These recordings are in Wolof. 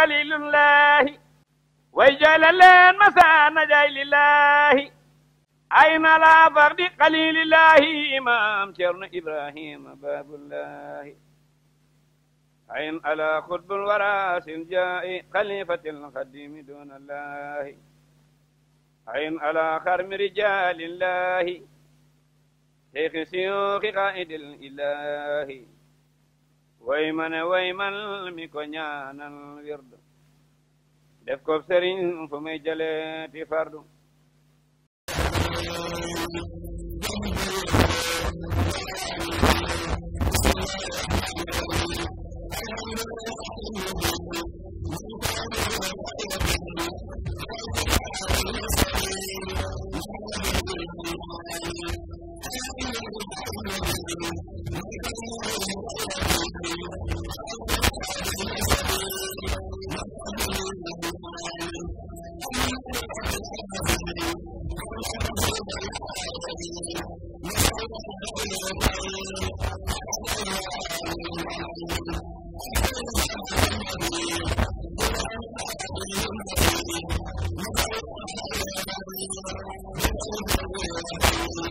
xalilullahi way jooyle leen masaana jaay lillahi ay na laa fardi xalilillahi imam ceerno ibrahima babullahi ayn ala xutbul warasil jaa'i xalifatil xadimi dunallahi ayn ala xarmi rijalillahi seyxi siyuuxi qaidil ilahi way ma ne way mi ko ñaanal wird def ko sëriñ fu may jëlee ti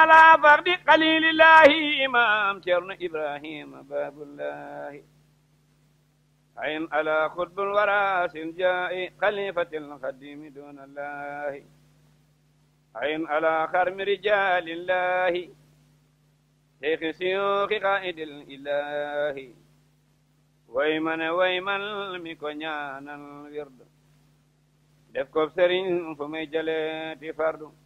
ala fardi xalilillahi imam ceerno ibrahima babullahi ayn ala xutbul warasil jai xalifatil xadimi dunallahi ayn ala xarmi rijalillahi شيخ سيوخ قائد الإله ويمن ويمن مكنيانا الورد دفكو بسرين فمي جلاتي فردو